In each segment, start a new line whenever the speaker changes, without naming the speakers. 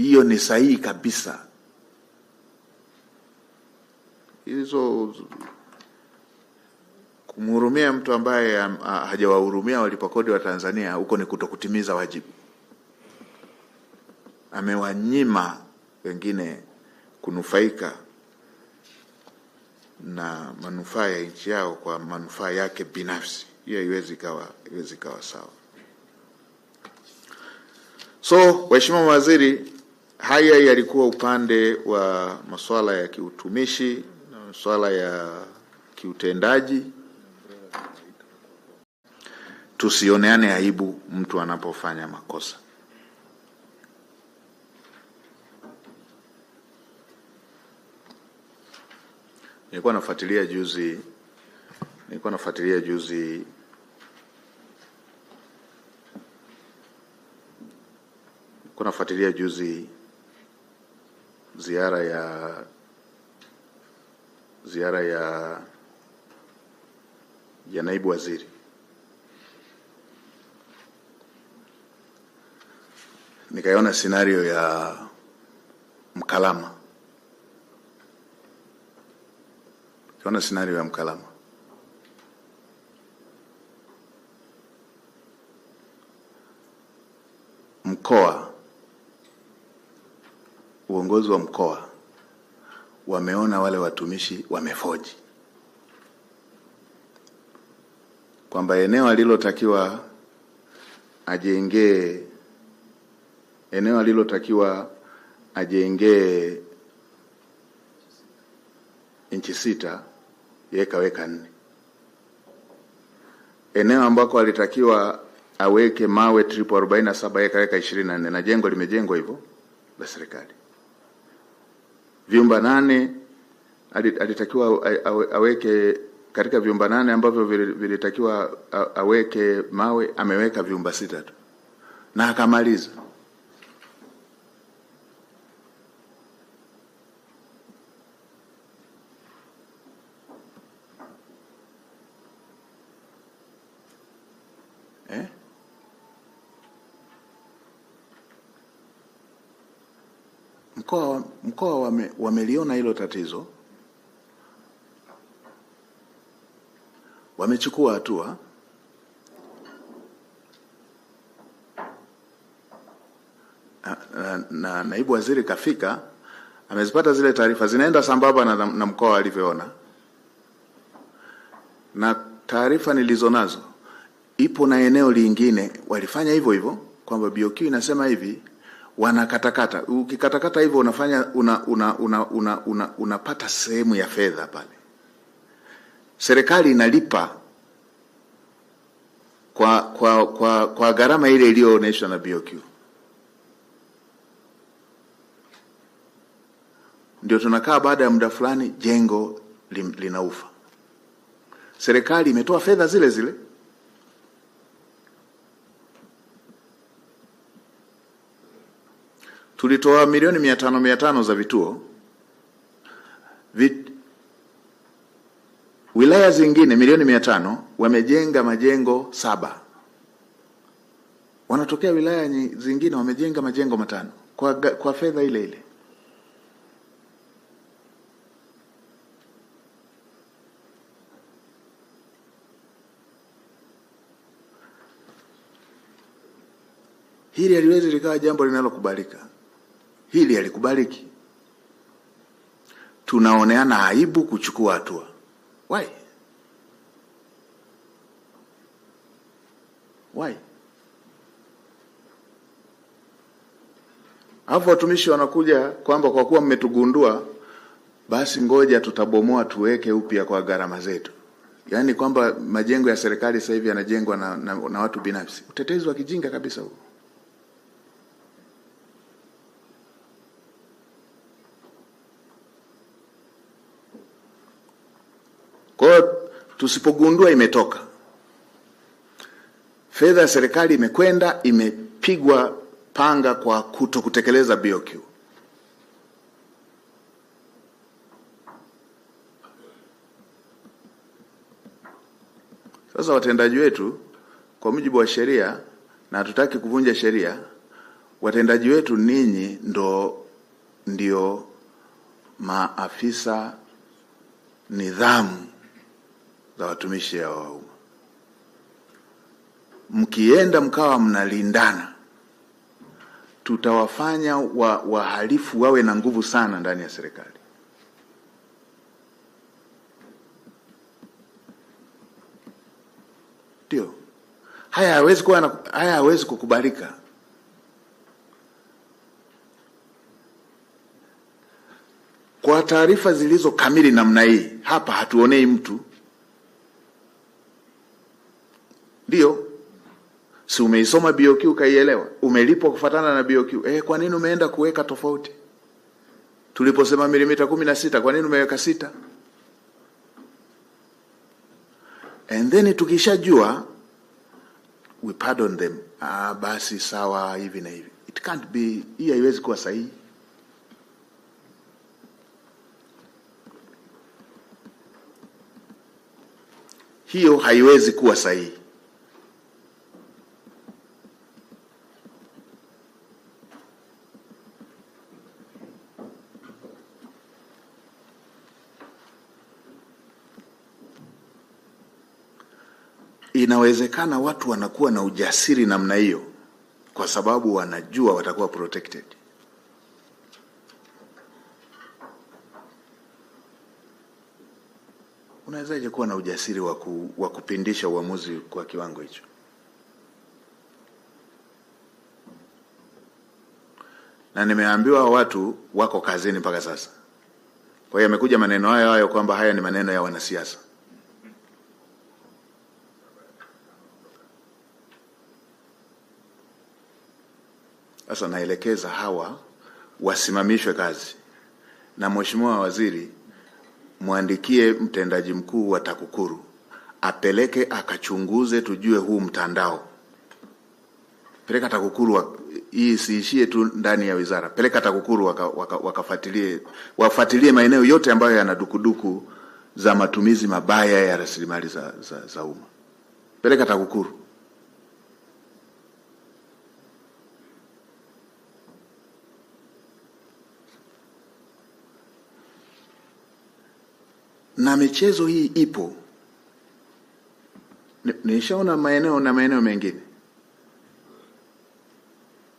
hiyo ni sahihi kabisa. Hizo kumhurumia mtu ambaye hajawahurumia walipa kodi wa Tanzania, huko ni kutokutimiza wajibu. Amewanyima wengine kunufaika na manufaa ya nchi yao kwa manufaa yake binafsi. Hiyo haiwezi kawa, haiwezi kawa sawa. So waheshimiwa mawaziri Haya yalikuwa upande wa masuala ya kiutumishi na masuala ya kiutendaji. Tusioneane aibu mtu anapofanya makosa. Nilikuwa nafuatilia juzi, nilikuwa nafuatilia juzi nafuatilia juzi ziara ya ziara ya ya naibu waziri nikaiona scenario ya Mkalama, nikaona scenario ya Mkalama. Mkoa uongozi wa mkoa wameona wale watumishi wamefoji, kwamba eneo alilotakiwa ajengee eneo alilotakiwa ajengee inchi sita yekaweka nne, eneo ambako alitakiwa aweke mawe tripo arobaini na saba yekaweka ishirini na nne na jengo limejengwa hivyo la serikali vyumba nane alitakiwa aweke katika vyumba nane ambavyo vilitakiwa aweke mawe, ameweka vyumba sita tu na akamaliza. wame, wameliona hilo tatizo, wamechukua hatua na, na naibu waziri kafika, amezipata zile taarifa, zinaenda sambamba na, na mkoa alivyoona, na taarifa nilizo nazo ipo na eneo lingine walifanya hivyo hivyo, kwamba BOQ inasema hivi wanakatakata. Ukikatakata hivyo unafanya una, una, una, una, una, unapata sehemu ya fedha pale. Serikali inalipa kwa, kwa, kwa, kwa gharama ile iliyoonyeshwa na BOQ. Ndio tunakaa baada ya muda fulani jengo linaufa. Serikali imetoa fedha zile zile tulitoa milioni mia tano mia tano za vituo Vit... wilaya zingine milioni mia tano wamejenga majengo saba wanatokea wilaya zingine wamejenga majengo matano kwa, kwa fedha ile ile. Hili haliwezi likawa jambo linalokubalika hili halikubaliki. Tunaoneana aibu kuchukua hatua. Why? Why? Hapo watumishi wanakuja kwamba kwa kuwa mmetugundua, basi ngoja tutabomoa tuweke upya kwa gharama zetu. Yaani kwamba majengo ya serikali sasa hivi yanajengwa na, na, na watu binafsi. Utetezi wa kijinga kabisa huo. Kwa hiyo tusipogundua imetoka fedha ya serikali imekwenda imepigwa panga kwa kutokutekeleza BOQ. Sasa watendaji wetu kwa mujibu wa sheria, na hatutaki kuvunja sheria, watendaji wetu ninyi ndo ndio maafisa nidhamu za watumishi hawa wa umma, mkienda mkawa mnalindana, tutawafanya wa, wahalifu wawe na nguvu sana ndani ya serikali. Ndio haya hawezi kuwa, haya hawezi kukubalika. Kwa taarifa zilizo kamili namna hii, hapa hatuonei mtu Ndio. Si umeisoma BOQ ukaielewa? Umelipwa kufatana na BOQ. Eh, kwa nini umeenda kuweka tofauti? Tuliposema milimita kumi na sita, kwa nini umeweka sita? And then tukishajua we pardon them. Ah, basi sawa hivi na hivi. It can't be, hii haiwezi kuwa sahihi. Hiyo haiwezi kuwa sahihi. Inawezekana watu wanakuwa na ujasiri namna hiyo kwa sababu wanajua watakuwa protected. Unawezaje kuwa na ujasiri wa kupindisha uamuzi kwa kiwango hicho? Na nimeambiwa watu wako kazini mpaka sasa. Kwa hiyo amekuja maneno hayo hayo kwamba haya ni maneno ya wanasiasa. Sasa naelekeza hawa wasimamishwe kazi, na Mheshimiwa Waziri, mwandikie mtendaji mkuu wa TAKUKURU apeleke akachunguze, tujue huu mtandao. Peleka TAKUKURU, hii siishie tu ndani ya wizara, peleka TAKUKURU wakafuatilie waka, waka wafuatilie maeneo yote ambayo yana dukuduku za matumizi mabaya ya rasilimali za, za, za umma. Peleka TAKUKURU. na michezo hii ipo, nishaona maeneo na maeneo mengine.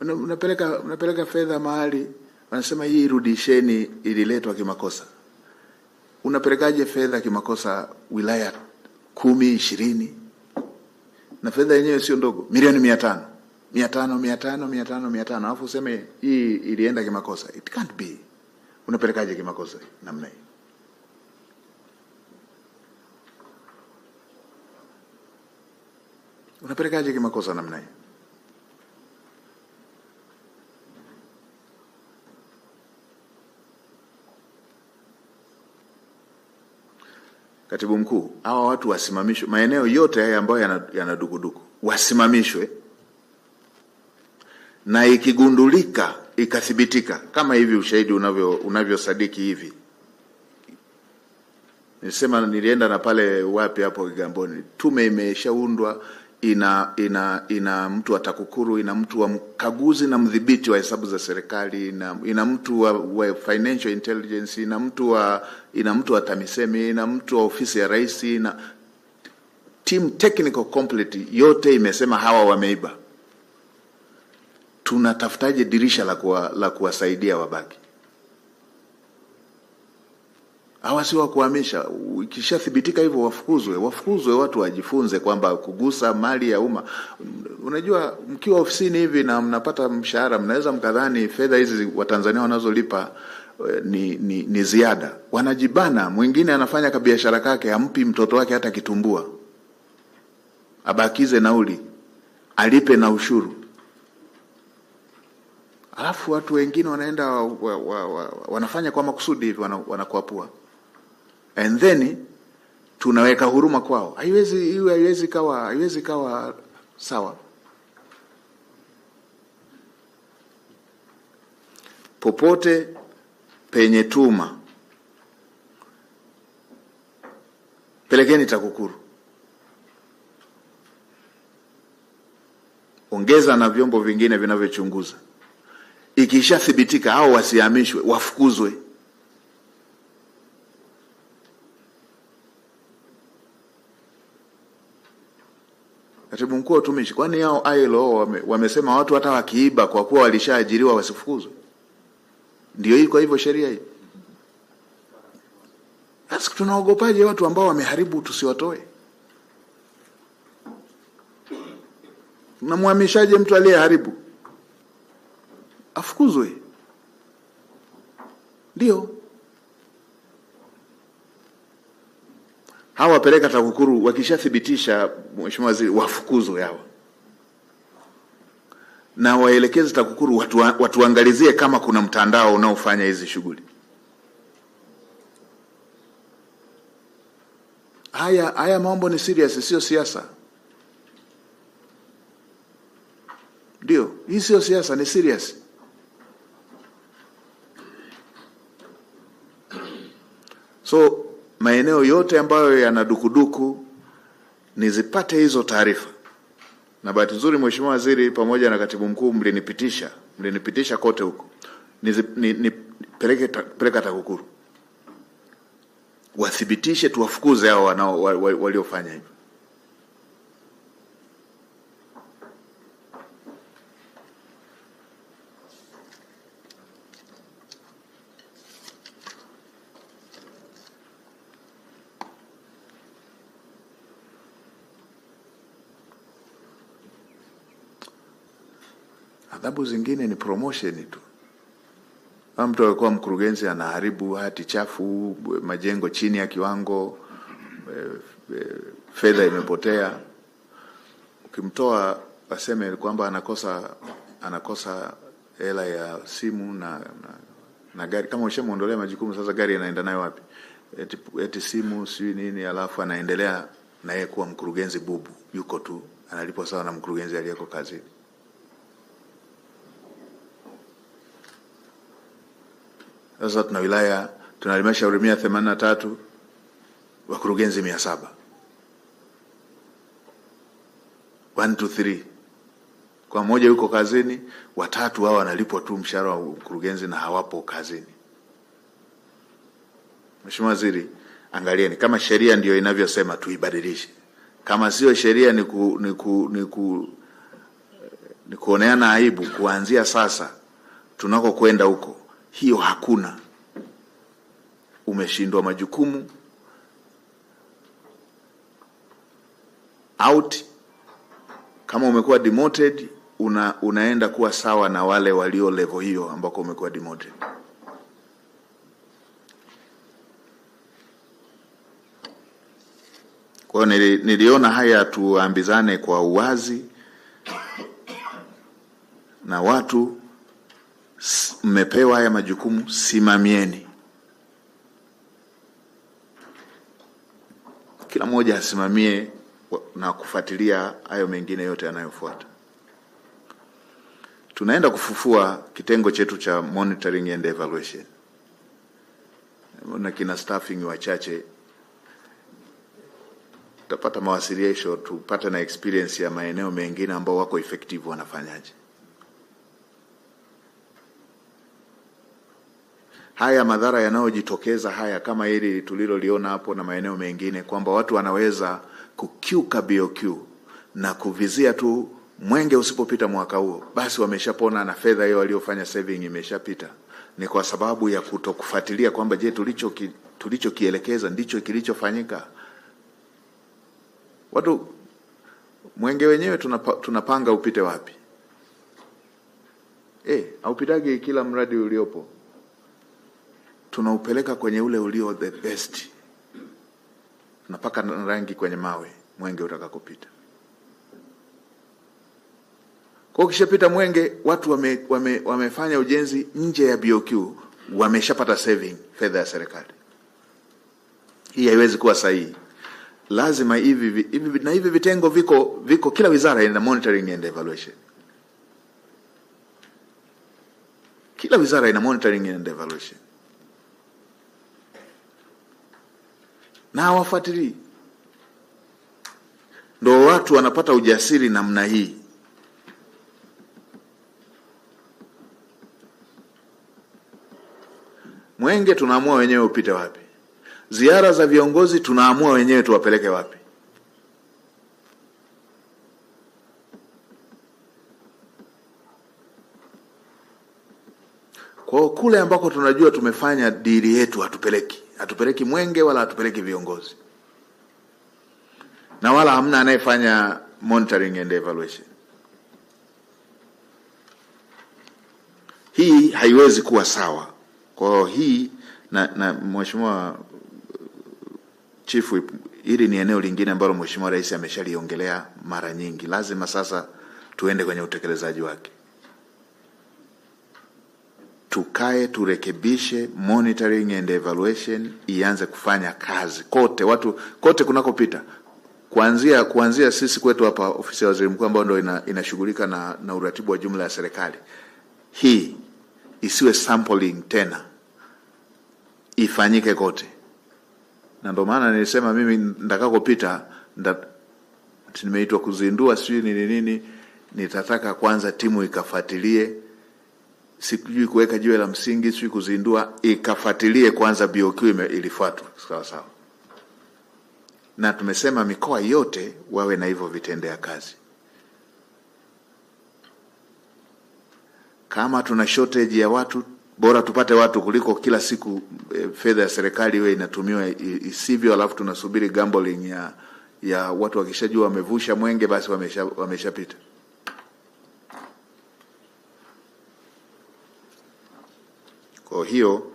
Unapeleka unapeleka fedha mahali, wanasema hii rudisheni, ililetwa kimakosa. Unapelekaje fedha kimakosa wilaya kumi ishirini, na fedha yenyewe sio ndogo, milioni mia tano mia tano mia tano mia tano mia tano alafu useme hii ilienda kimakosa. It can't be. Unapelekaje kimakosa namna hii? Unapelekaje kimakosa namna hii? Katibu mkuu, hawa watu wasimamishwe, maeneo yote haya ambayo yana dukuduku wasimamishwe, na ikigundulika ikathibitika kama hivi ushahidi unavyo unavyosadiki hivi. nisema nilienda na pale wapi hapo Kigamboni, tume imeshaundwa ina ina ina mtu wa TAKUKURU, ina mtu wa mkaguzi na mdhibiti wa hesabu za serikali, ina, ina mtu wa, wa financial intelligence, ina mtu wa ina mtu wa TAMISEMI, ina mtu wa ofisi ya rais, na team technical complete yote imesema hawa wameiba. Tunatafutaje dirisha la kuwa, la kuwasaidia wabaki? hawa si wa kuhamisha. Ikishathibitika hivyo wafukuzwe, wafukuzwe, watu wajifunze kwamba kugusa mali ya umma. Unajua, mkiwa ofisini hivi na mnapata mshahara, mnaweza mkadhani fedha hizi Watanzania wanazolipa eh, ni, ni, ni ziada. Wanajibana, mwingine anafanya kabiashara kake, ampi mtoto wake hata kitumbua, abakize nauli, alipe na ushuru alafu watu wengine wanaenda wa, wa, wa, wa, wanafanya kwa makusudi hivi wanakuapua wana and then tunaweka huruma kwao. Haiwezi iwe, haiwezi kawa, haiwezi kawa sawa. Popote penye tuma, pelekeni TAKUKURU, ongeza na vyombo vingine vinavyochunguza. Ikishathibitika au wasihamishwe, wafukuzwe. Katibu mkuu wa utumishi, kwani hao ILO wame, wamesema watu hata wakiiba kwa kuwa walishaajiriwa wasifukuzwe? Ndio hii. Kwa hivyo sheria hii sasa, tunaogopaje watu ambao wameharibu tusiwatoe? Tunamhamishaje mtu aliyeharibu? Afukuzwe? Ndio. wapeleka TAKUKURU wakishathibitisha, mheshimiwa waziri, wafukuzwe hawa na waelekeze TAKUKURU watu, watuangalizie kama kuna mtandao unaofanya hizi shughuli. Haya, haya mambo ni serious, sio siasa. Ndio, hii sio siasa, ni serious. So maeneo yote ambayo yana dukuduku nizipate hizo taarifa. Na bahati nzuri, Mheshimiwa Waziri pamoja na Katibu Mkuu mlinipitisha mlinipitisha kote huko nipeleke ni, peleka TAKUKURU wathibitishe, tuwafukuze hao wanao waliofanya hivyo. sababu zingine ni promotion tu. Mtu alikuwa mkurugenzi anaharibu hati chafu, majengo chini ya kiwango, e, e, fedha imepotea. Ukimtoa aseme kwamba anakosa anakosa hela ya simu na, na, na gari. Kama ushamwondolea majukumu sasa, gari inaenda nayo wapi? Eti, eti simu sijui nini, alafu anaendelea na yeye kuwa mkurugenzi bubu, yuko tu analipwa sawa na mkurugenzi aliyeko kazini. Sasa tuna wilaya, tuna halmashauri mia themanini na tatu, wakurugenzi mia saba one kwa mmoja yuko kazini, watatu hao wanalipwa tu mshahara wa mkurugenzi na hawapo kazini. Mheshimiwa Waziri, angalieni kama sheria ndio inavyosema tuibadilishe, kama sio sheria ni, ku, ni, ku, ni, ku, ni kuoneana aibu. Kuanzia sasa tunako kwenda huko hiyo hakuna. Umeshindwa majukumu, out. Kama umekuwa demoted una, unaenda kuwa sawa na wale walio level hiyo ambako umekuwa demoted. Kwa hiyo niliona haya tuambizane kwa uwazi na watu mmepewa haya majukumu, simamieni. Kila mmoja asimamie na kufuatilia hayo mengine yote yanayofuata. Tunaenda kufufua kitengo chetu cha monitoring and evaluation na kina staffing wachache, tutapata mawasiliano, tupate na experience ya maeneo mengine ambao wako effective wanafanyaje. haya madhara yanayojitokeza haya kama hili tuliloliona hapo na maeneo mengine, kwamba watu wanaweza kukiuka BOQ na kuvizia tu mwenge usipopita mwaka huo, basi wameshapona na fedha hiyo waliofanya saving imeshapita. Ni kwa sababu ya kutokufuatilia kwamba je, tulichoki tulichokielekeza ndicho kilichofanyika. Watu mwenge wenyewe tunapa, tunapanga upite wapi? E, haupitagi kila mradi uliopo tunaupeleka kwenye ule ulio the best, tunapaka rangi kwenye mawe mwenge utakakopita. Kwa ukishapita mwenge, watu wame, wame, wamefanya ujenzi nje ya BOQ, wameshapata saving fedha ya serikali. Hii haiwezi kuwa sahihi. Lazima hivi hivi na hivi vitengo viko viko, kila wizara ina monitoring and evaluation, kila wizara ina monitoring and evaluation. na hawafuatilii. Ndo watu wanapata ujasiri namna hii. Mwenge tunaamua wenyewe upite wapi, ziara za viongozi tunaamua wenyewe tuwapeleke wapi. Kwa kule ambako tunajua tumefanya dili yetu hatupeleki hatupeleki mwenge wala hatupeleki viongozi na wala hamna anayefanya monitoring and evaluation. Hii haiwezi kuwa sawa. Kwa hii na, na mheshimiwa uh, chifu, hili ni eneo lingine ambalo mheshimiwa rais ameshaliongelea mara nyingi. Lazima sasa tuende kwenye utekelezaji wake tukae turekebishe, monitoring and evaluation ianze kufanya kazi kote, watu kote kunakopita, kuanzia kuanzia sisi kwetu hapa ofisi ya waziri mkuu ambayo ndo ina, inashughulika na, na uratibu wa jumla ya serikali. Hii isiwe sampling tena, ifanyike kote, na ndo maana nilisema mimi ndakakopita nimeitwa kuzindua sijui nini nini, nitataka kwanza timu ikafuatilie sijui kuweka jiwe la msingi, sijui kuzindua, ikafuatilie kwanza BOQ ilifuatwa sawa sawa, na tumesema mikoa yote wawe na hivyo vitendea kazi. Kama tuna shortage ya watu, bora tupate watu kuliko kila siku e, fedha ya serikali iwe inatumiwa isivyo, alafu tunasubiri gambling ya ya watu wakishajua wamevusha mwenge, basi wameshapita wamesha roho hiyo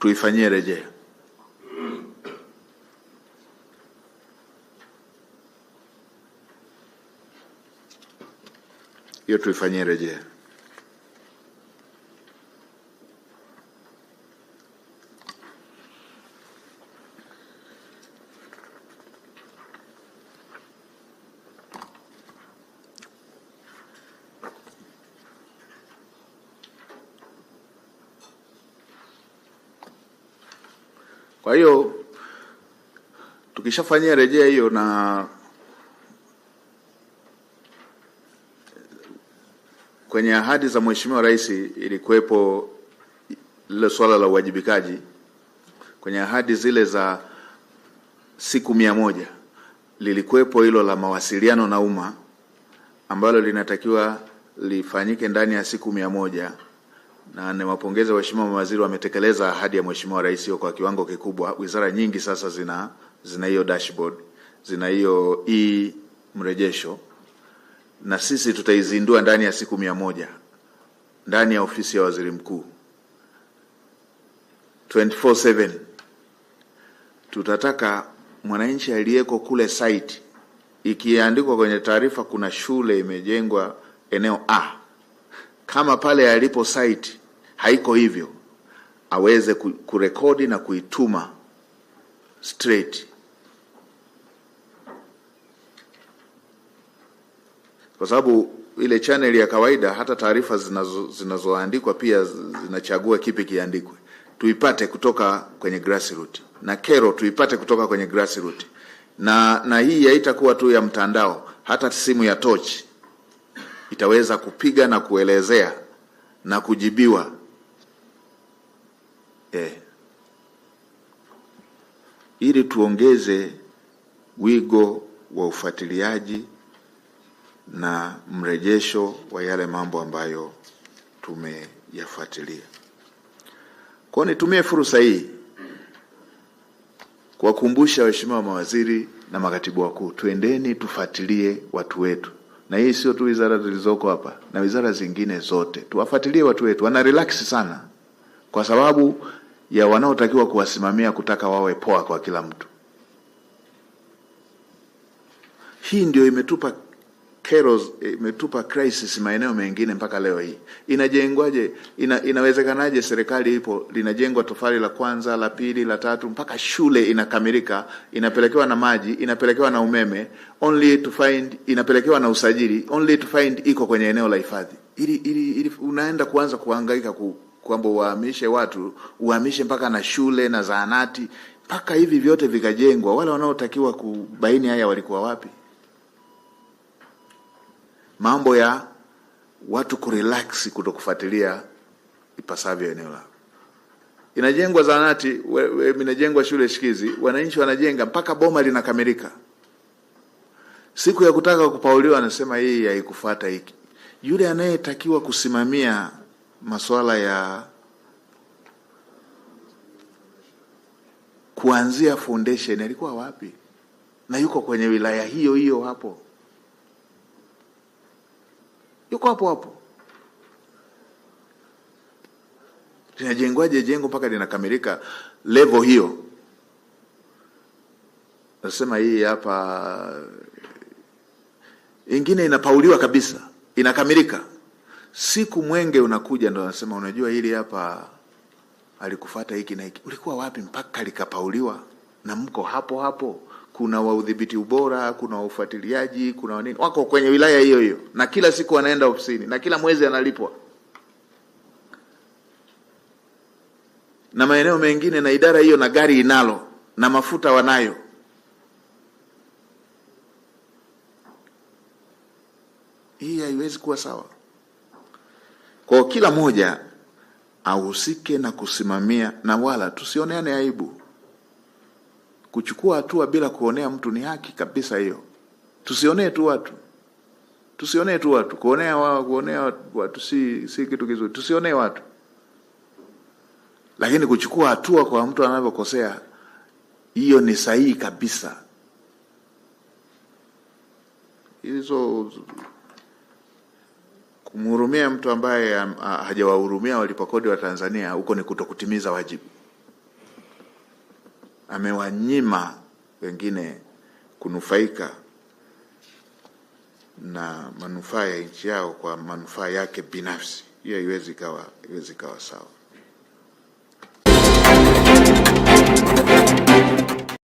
tuifanyie rejea. Hiyo tuifanyie rejea. Kwa hiyo tukishafanyia rejea hiyo na kwenye ahadi za Mheshimiwa Rais ilikuwepo lile swala la uwajibikaji kwenye ahadi zile za siku mia moja lilikuwepo hilo la mawasiliano na umma ambalo linatakiwa lifanyike ndani ya siku mia moja na niwapongeze waheshimiwa mawaziri, wametekeleza ahadi ya Mheshimiwa Rais hiyo kwa kiwango kikubwa. Wizara nyingi sasa zina zina hiyo dashboard, zina hiyo e mrejesho, na sisi tutaizindua ndani ya siku mia moja ndani ya ofisi ya waziri mkuu 24/7. Tutataka mwananchi aliyeko kule site, ikiandikwa kwenye taarifa kuna shule imejengwa eneo A, kama pale alipo site haiko hivyo, aweze kurekodi na kuituma straight, kwa sababu ile channel ya kawaida hata taarifa zinazoandikwa pia zinachagua kipi kiandikwe. Tuipate kutoka kwenye grassroots na kero tuipate kutoka kwenye grassroots, na na hii haitakuwa tu ya mtandao, hata simu ya tochi itaweza kupiga na kuelezea na kujibiwa eh, ili tuongeze wigo wa ufuatiliaji na mrejesho wa yale mambo ambayo tumeyafuatilia. Kwa nitumie fursa hii kuwakumbusha waheshimiwa mawaziri na makatibu wakuu, tuendeni tufuatilie watu wetu, na hii sio tu wizara zilizoko hapa na wizara zingine zote, tuwafuatilie watu wetu, wana relax sana kwa sababu ya wanaotakiwa kuwasimamia kutaka wawe poa kwa kila mtu. Hii ndio imetupa keros, imetupa crisis maeneo mengine mpaka leo hii. Inajengwaje? Ina, inawezekanaje serikali ipo linajengwa tofali la kwanza la pili la tatu mpaka shule inakamilika, inapelekewa na maji, inapelekewa na umeme, only to find inapelekewa na usajili, only to find iko kwenye eneo la hifadhi, ili ili unaenda kuanza kuhangaika ku kwamba uhamishe watu, uhamishe mpaka na shule na zahanati, mpaka hivi vyote vikajengwa, wale wanaotakiwa kubaini haya walikuwa wapi? Mambo ya watu kurelax, kuto kufuatilia ipasavyo eneo lao. Inajengwa zahanati, inajengwa shule shikizi, wananchi wanajenga mpaka boma linakamilika. Siku ya kutaka kupauliwa, anasema hii haikufuata hiki. Yule anayetakiwa kusimamia masuala ya kuanzia foundation alikuwa wapi, na yuko kwenye wilaya hiyo hiyo hapo, yuko hapo hapo. Linajengwaje jengo mpaka linakamilika level hiyo? Nasema hii hapa, ingine inapauliwa kabisa, inakamilika siku mwenge unakuja, ndo anasema unajua, hili hapa alikufata hiki na hiki, ulikuwa wapi mpaka likapauliwa na mko hapo hapo? Kuna waudhibiti ubora, kuna waufuatiliaji, kuna wanini wako kwenye wilaya hiyo hiyo, na kila siku wanaenda ofisini na kila mwezi analipwa na maeneo mengine na idara hiyo na gari inalo na mafuta wanayo. Hii haiwezi kuwa sawa. Kwa kila mmoja ahusike na kusimamia, na wala tusioneane aibu. Kuchukua hatua bila kuonea mtu ni haki kabisa hiyo. Tusionee tu watu, tusionee tu watu, kuonea wao, kuonea watu si si kitu kizuri, tusionee watu. Lakini kuchukua hatua kwa mtu anavyokosea, hiyo ni sahihi kabisa hizo kumhurumia mtu ambaye um, ah, hajawahurumia walipa kodi wa Tanzania huko ni kutokutimiza wajibu. Amewanyima wengine kunufaika na manufaa ya nchi yao kwa manufaa yake binafsi. Hiyo haiwezi kawa, haiwezi kawa sawa.